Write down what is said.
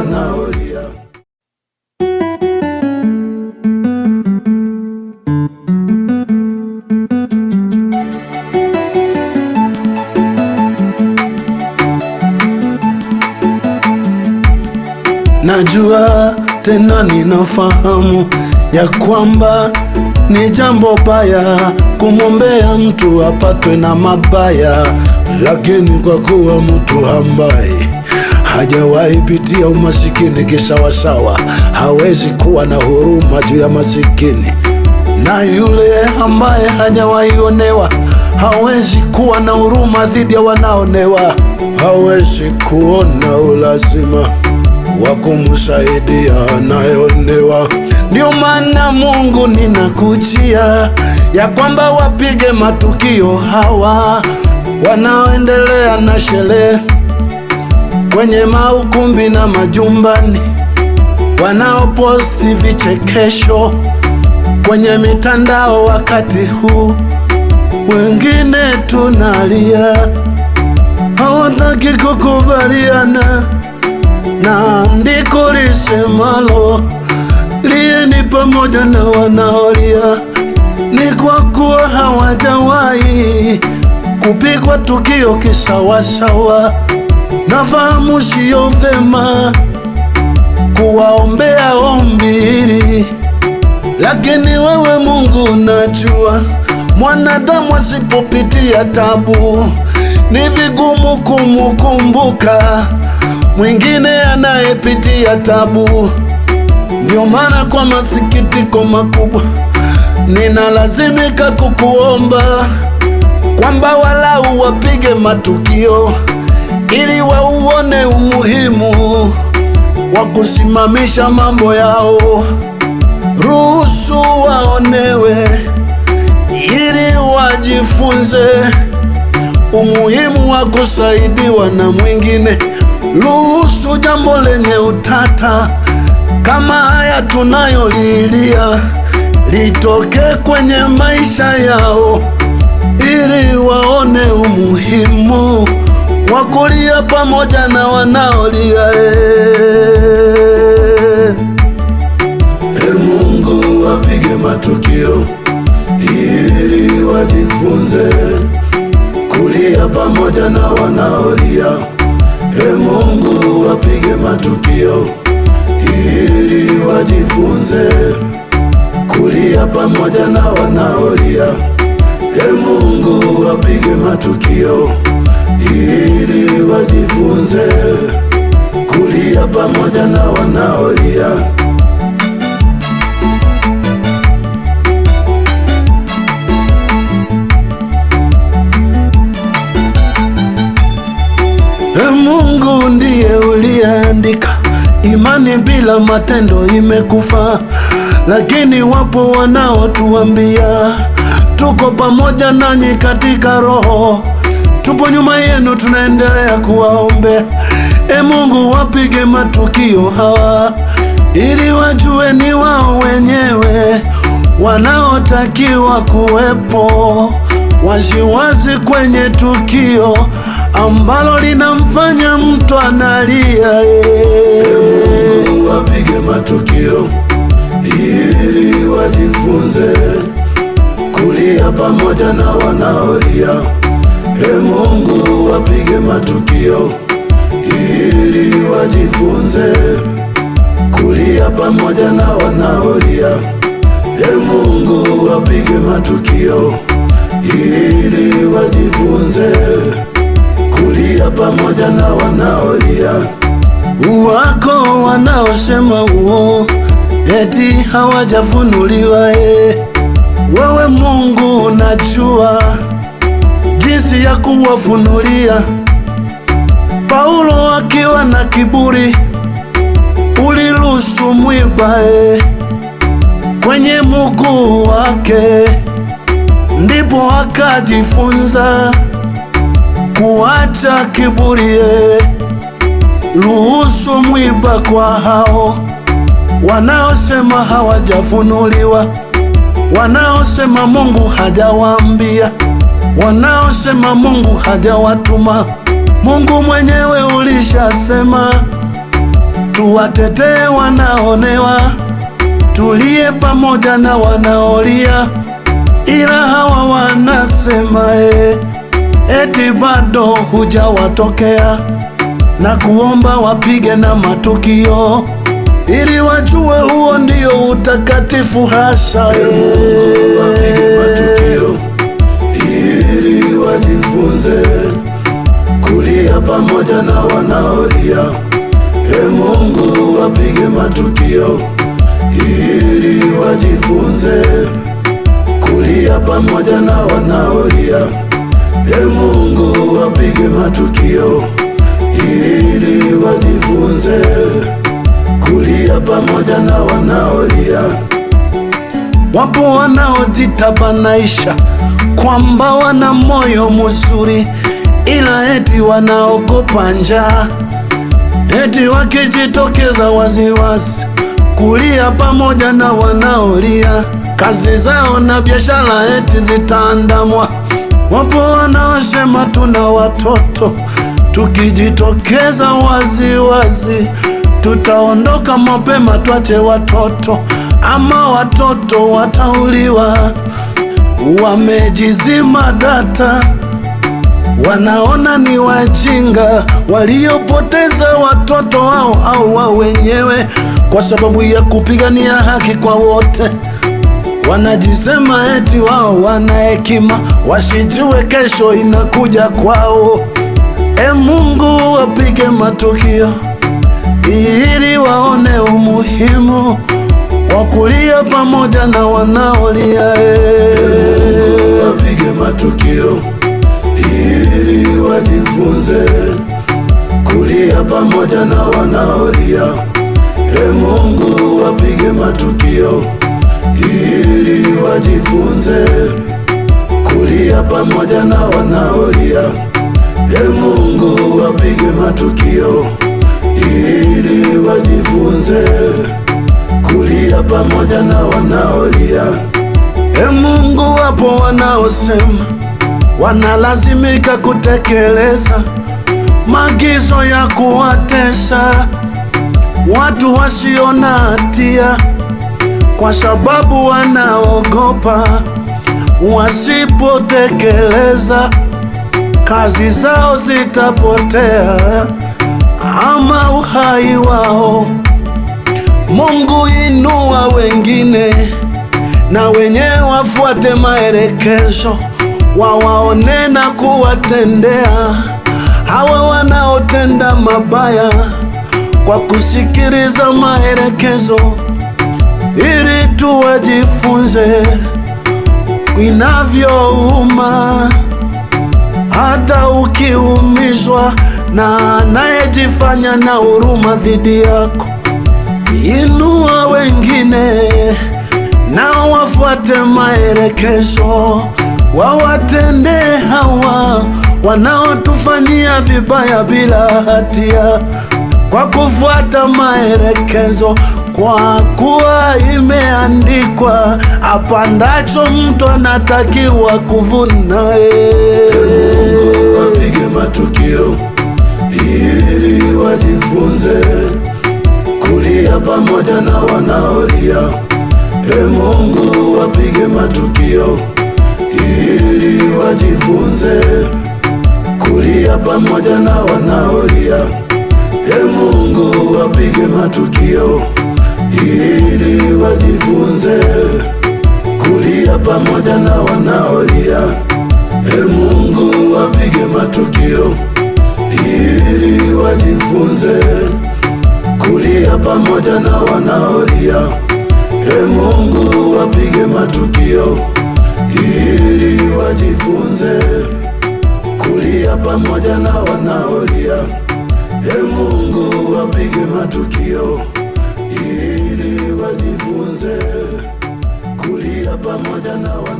wanaolia. Najua tena ninafahamu ya kwamba ni jambo baya kumwombea mtu apatwe na mabaya, lakini kwa kuwa mtu ambaye hajawahi pitia umasikini kisawasawa, hawezi kuwa na huruma juu ya masikini, na yule ambaye hajawahi onewa hawezi kuwa na huruma dhidi ya wanaonewa, hawezi kuona ulazima wa kumsaidia anayeonewa. Ndio maana Mungu, ninakuchia ya kwamba wapige matukio hawa wanaoendelea na sherehe kwenye maukumbi na majumbani, wanaoposti vichekesho kwenye mitandao. Wakati huu wengine tunalia, hawataki kukubaliana na andiko lisemalo liye ni pamoja na wanaolia, ni kwa kuwa hawajawahi kupigwa tukio kisawasawa nafahamu sio vema kuwaombea ombili, lakini wewe Mungu najua mwanadamu asipopitia tabu ni vigumu kumukumbuka mwingine anayepitia tabu. Ndio maana kwa masikitiko makubwa ninalazimika kukuomba kwamba walau wapige matukio ili wauone umuhimu wa kusimamisha mambo yao. Ruhusu waonewe ili wajifunze umuhimu wa kusaidiwa na mwingine. Ruhusu jambo lenye utata kama haya tunayolilia litoke kwenye maisha yao ili waone umuhimu mwakulia pamoja na wanaolia e. E Mungu, wapige matukio ili wajifunze kulia pamoja na wanaolia. E Mungu, wapige matukio ili wajifunze pamoja na wanaolia. E Mungu ndiye imani bila matendo imekufa, lakini wapo wanaotuambia tuko pamoja nanyi katika roho, tupo nyuma yenu, tunaendelea kuwaombea wapige matukio hawa, ili wajue ni wao wenyewe wanaotakiwa kuwepo waziwazi kwenye tukio ambalo linamfanya mtu analia. Mungu, wapige matukio ili wajifunze kulia pamoja na wanaolia. E Mungu, wapige matukio ili wajifunze kulia pamoja na wanaolia. E Mungu, wapige matukio ili wajifunze kulia pamoja na wanaolia. Wako wanaosema uo eti hawajafunuliwa e. Wewe Mungu, unachua jinsi ya kuwafunulia Paulo akiwa na kiburi uliruhusu mwibae kwenye mguu wake, ndipo akajifunza kuacha kiburie. Ruhusu mwiba kwa hao wanaosema hawajafunuliwa, wanaosema Mungu hajawaambia, wanaosema Mungu hajawatuma. Mungu mwenyewe ulishasema, tuwatetee wanaonewa, tulie pamoja na wanaolia, ila hawa wanasema e, eti bado hujawatokea na kuomba wapige na matukio ili wajue huo ndio utakatifu hasa. E, Mungu wapige matukio ili wajifunze kulia pamoja na wanaolia. E Mungu, wapige matukio ili wajifunze kulia pamoja na wanaolia. E Mungu, wapige matukio ili wajifunze kulia pamoja na wanaolia. Wapo wanaojitabanaisha kwamba wana moyo mzuri ila eti wanaogopa njaa, eti wakijitokeza waziwazi kulia pamoja na wanaolia, kazi zao na biashara eti zitaandamwa. Wapo wanaosema tuna watoto, tukijitokeza waziwazi tutaondoka mapema, twache watoto ama watoto watauliwa. Wamejizima data wanaona ni wajinga waliopoteza watoto wao au wao wenyewe kwa sababu ya kupigania haki kwa wote. Wanajisema eti wao wana hekima, wasijue kesho inakuja kwao. E Mungu, wapige matukio ili waone umuhimu wa kulia pamoja na wanaolia. E Mungu, wapige matukio ili wajifunze kulia pamoja na wanaolia. E Mungu, wapige matukio ili wajifunze kulia pamoja na wanaolia. E Mungu, wapige matukio ili wajifunze kulia pamoja na wanaolia. E Mungu, wapo wanaosema wanalazimika kutekeleza maagizo ya kuwatesa watu wasio na hatia, kwa sababu wanaogopa wasipotekeleza kazi zao zitapotea ama uhai wao. Mungu, inua wengine na wenyewe wafuate maelekezo wawaone na kuwatendea hawa wanaotenda mabaya kwa kusikiliza maelekezo, ili tu wajifunze inavyouma. Hata ukiumizwa na anayejifanya na huruma dhidi yako, kiinua wengine na wafuate maelekezo wawatendee hawa wanaotufanyia vibaya bila hatia, kwa kufuata maelekezo, kwa kuwa imeandikwa, apandacho mtu anatakiwa kuvuna. Wapige matukio ili wajifunze kulia pamoja na wanaolia. E Mungu, wapige matukio ili wajifunze kulia pamoja na wanaolia. E Mungu, wapige matukio ili wajifunze kulia pamoja na wanaolia. E Mungu, wapige matukio ili wajifunze kulia pamoja na wanaolia. E Mungu, wapige matukio tujifunze kulia pamoja na wanaolia. E Mungu, wapige matukio ili wajifunze kulia pamoja na